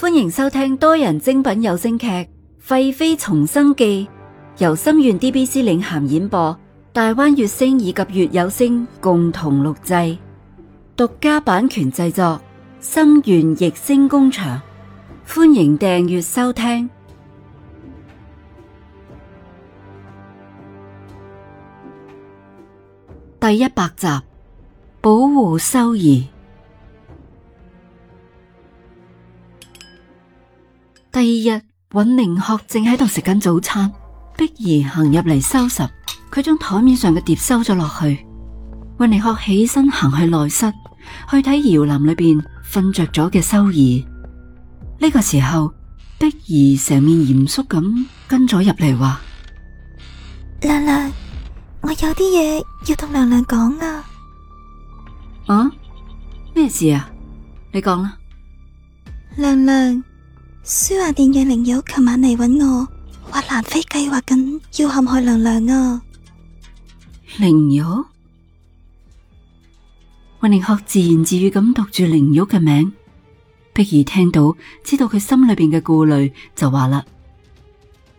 歡迎收聽多人精品有聲劇《廢妃重生記》，由心願 DBC 領銜演播，大灣月星以及月有聲共同錄製，獨家版權製作，心願逸聲工場。歡迎訂閱收聽第一百集《保護修兒》。第二日，尹寧學正喺度食緊早餐，碧兒行入嚟收拾，佢將台面上嘅碟收咗落去。尹寧學起身行去內室，去睇搖籃裏邊瞓着咗嘅修兒。呢個時候，碧兒成面嚴肅咁跟咗入嚟話：娘娘，我有啲嘢要同娘娘講啊。啊，咩事啊？你講啦，娘娘。書畫殿嘅靈玉琴晚嚟揾我，話蘭妃計劃緊要陷害娘娘啊！靈玉，云凌鶴自言自語咁讀住靈玉嘅名，碧兒聽到知道佢心裏邊嘅顧慮，就話啦：，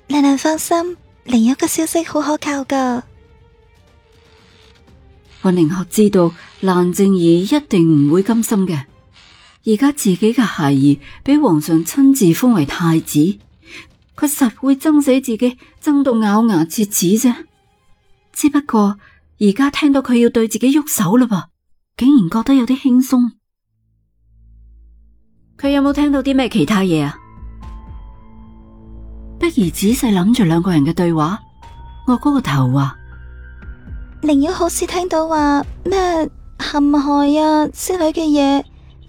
娘娘放心，靈玉嘅消息好可靠噶。云凌鶴知道蘭靜兒一定唔會甘心嘅。而家自己嘅孩兒俾皇上親自封為太子，佢實會憎死自己，爭到咬牙切齒啫。只不過而家聽到佢要對自己喐手嘞噃，竟然覺得有啲輕鬆。佢有冇聽到啲咩其他嘢啊？碧兒仔細諗住兩個人嘅對話，惡哥個頭啊！寧妖好似聽到話咩陷害啊之類嘅嘢。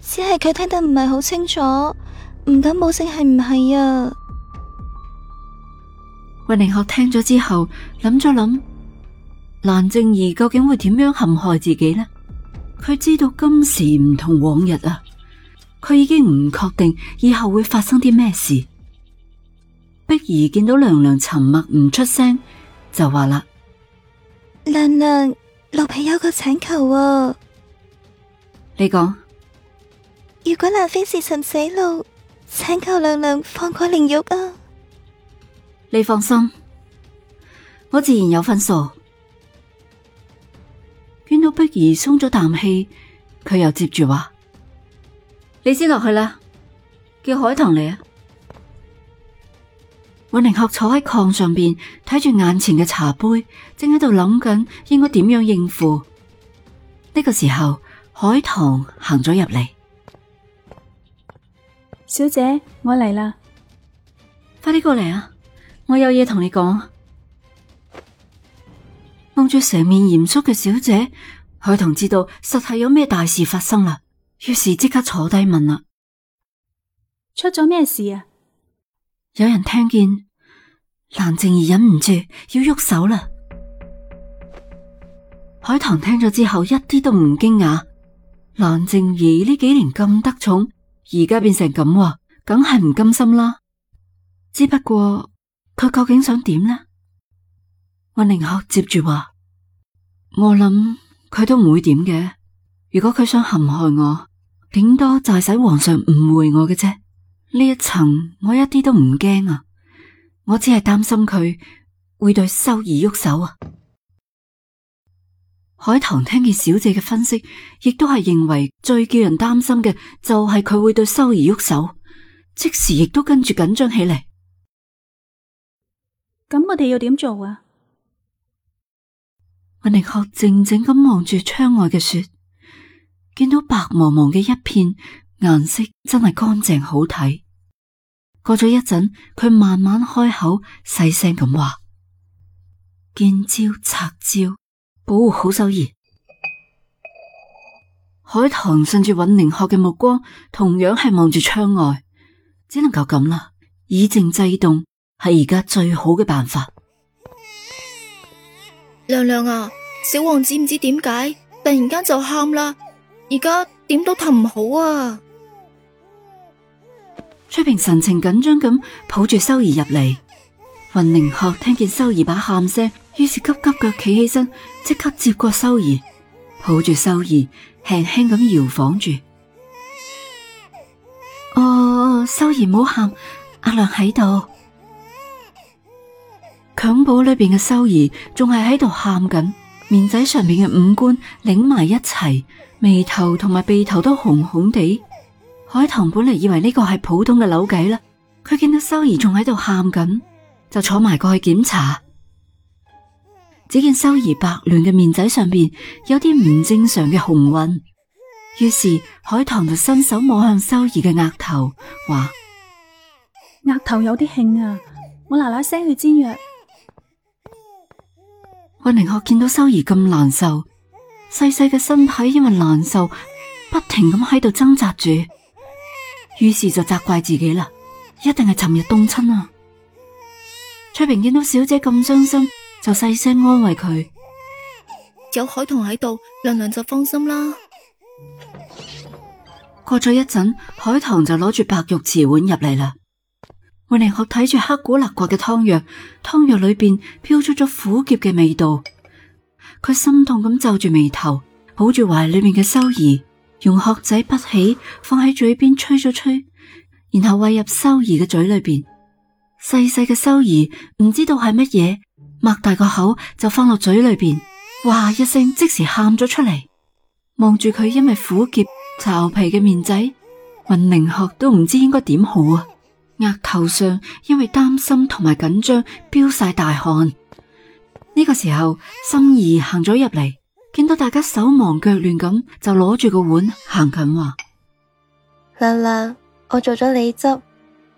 只係佢聽得唔係好清楚，唔敢保證係唔係啊？魏寧學聽咗之後諗咗諗，蘭靜兒究竟會點樣陷害自己呢？佢知道今時唔同往日啊，佢已經唔確定以後會發生啲咩事。碧兒見到娘娘沉默唔出聲，就話啦：娘娘，奴婢有個請求啊。你講。如果南非是尋死路，請求娘娘放過凌玉啊！你放心，我自然有分數。見到碧兒鬆咗啖氣，佢又接住話：你先落去啦，叫海棠嚟啊！韋寧鶴坐喺炕上邊，睇住眼前嘅茶杯，正喺度諗緊應該點樣應付。呢、這個時候，海棠行咗入嚟。小姐，我嚟啦！快啲過嚟啊，我有嘢同你講。望住成面嚴肅嘅小姐，海棠知道實係有咩大事發生啦，於是即刻坐低問啦：出咗咩事啊？有人聽見，藍靜兒忍唔住要喐手啦。海棠聽咗之後一啲都唔驚訝，藍靜兒呢幾年咁得寵。而家變成咁，梗係唔甘心啦。只不過佢究竟想點呢？温寧學接住話：我諗佢都唔會點嘅。如果佢想陷害我，頂多就係使皇上誤會我嘅啫。呢一層我一啲都唔驚啊，我只係擔心佢會對修兒喐手啊。海棠聽見小姐嘅分析，亦都係認為最叫人擔心嘅就係佢會對修兒喐手，即時亦都跟住緊張起嚟。咁我哋要點做啊？云寧卻靜靜咁望住窗外嘅雪，見到白茫茫嘅一片，顏色真係乾淨好睇。過咗一陣，佢慢慢開口細聲咁話：見招拆招。保護好修兒，海棠順住尹寧鶴嘅目光，同樣係望住窗外，只能夠咁啦。以靜制動係而家最好嘅辦法。娘娘啊，小王子唔知點解，突然間就喊啦，而家點都氹唔好啊！翠平神情緊張咁抱住修兒入嚟，尹寧鶴聽見修兒把喊聲。於是急急腳企起身，即刻接過修兒，抱住修兒，輕輕咁搖晃住。哦，修兒唔好喊，阿亮喺度。襁褓裏邊嘅修兒仲係喺度喊緊，面仔上邊嘅五官擰埋一齊，眉頭同埋鼻頭都紅紅地。海棠本嚟以為呢個係普通嘅扭計啦，佢見到修兒仲喺度喊緊，就坐埋過去檢查。只見修兒白嫩嘅面仔上邊有啲唔正常嘅紅暈，於是海棠就伸手摸向修兒嘅額頭，話額頭有啲㷫啊，我拿拿聲去煎藥。溫凌鶴見到修兒咁難受，細細嘅身體因為難受不停咁喺度掙扎住，於是就責怪自己啦，一定係尋日凍親啊。翠萍見到小姐咁傷心。就細聲安慰佢，有海棠喺度，娘娘就放心啦。過咗一陣，海棠就攞住白玉瓷碗入嚟啦。韋寧學睇住黑古勒國嘅湯藥，湯藥裏邊飄出咗苦澀嘅味道，佢心痛咁皺住眉頭，抱住懷裏面嘅修兒，用學仔筆起放喺嘴邊吹咗吹，然後餵入修兒嘅嘴裏邊。細細嘅修兒唔知道係乜嘢。擘大個口就放落嘴裏邊，哇一聲即時喊咗出嚟，望住佢因為苦澀皺皮嘅面仔，文寧學都唔知應該點好啊。額頭上因為擔心同埋緊張，飆晒大汗。呢、這個時候，心怡行咗入嚟，見到大家手忙腳亂咁，就攞住個碗行近話：亮亮，我做咗梨汁，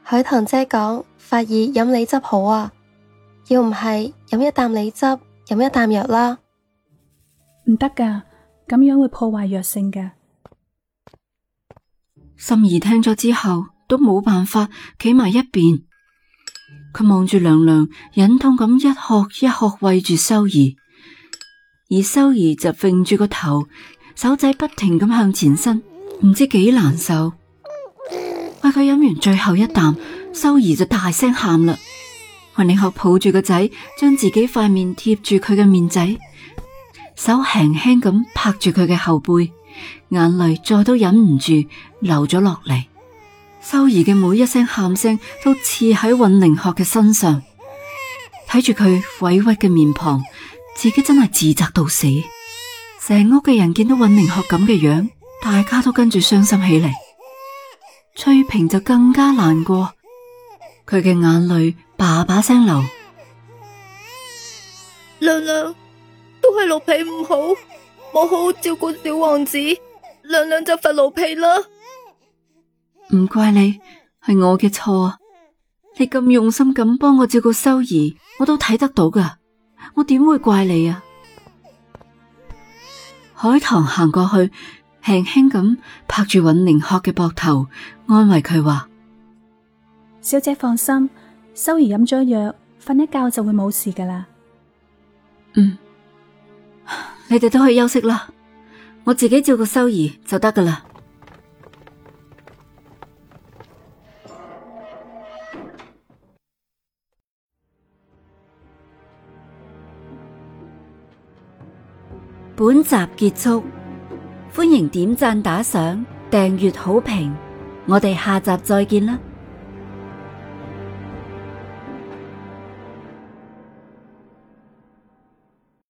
海棠姐講發熱飲梨汁好啊。要唔係飲一啖奶汁，飲一啖藥啦，唔得噶，咁樣會破壞藥性嘅。心兒聽咗之後，都冇辦法企埋一邊，佢望住娘娘，忍痛咁一喝一喝餵住修兒，而修兒就揈住個頭，手仔不停咁向前伸，唔知幾難受。餵佢飲完最後一啖，修兒就大聲喊啦。尹寧鶴抱住個仔，將自己塊面貼住佢嘅面仔，手輕輕咁拍住佢嘅後背，眼淚再都忍唔住流咗落嚟。修兒嘅每一聲喊聲都刺喺尹寧鶴嘅身上，睇住佢委屈嘅面龐，自己真係自責到死。成屋嘅人見到尹寧鶴咁嘅樣，大家都跟住傷心起嚟。翠萍就更加難過，佢嘅眼淚。爸爸聲怒，娘娘都係奴婢唔好，冇好好照顧小王子，娘娘就罰奴婢啦。唔怪你，係我嘅錯啊！你咁用心咁幫我照顧修兒，我都睇得到噶，我點會怪你啊？ 海棠行過去，輕輕咁拍住尹寧鶴嘅膊頭，安慰佢話：小姐放心。修兒飲咗藥，瞓一覺就會冇事噶啦。嗯，你哋都可以休息啦，我自己照顧修兒就得噶啦。本集結束，歡迎點讚、打賞、訂閱、好評，我哋下集再見啦。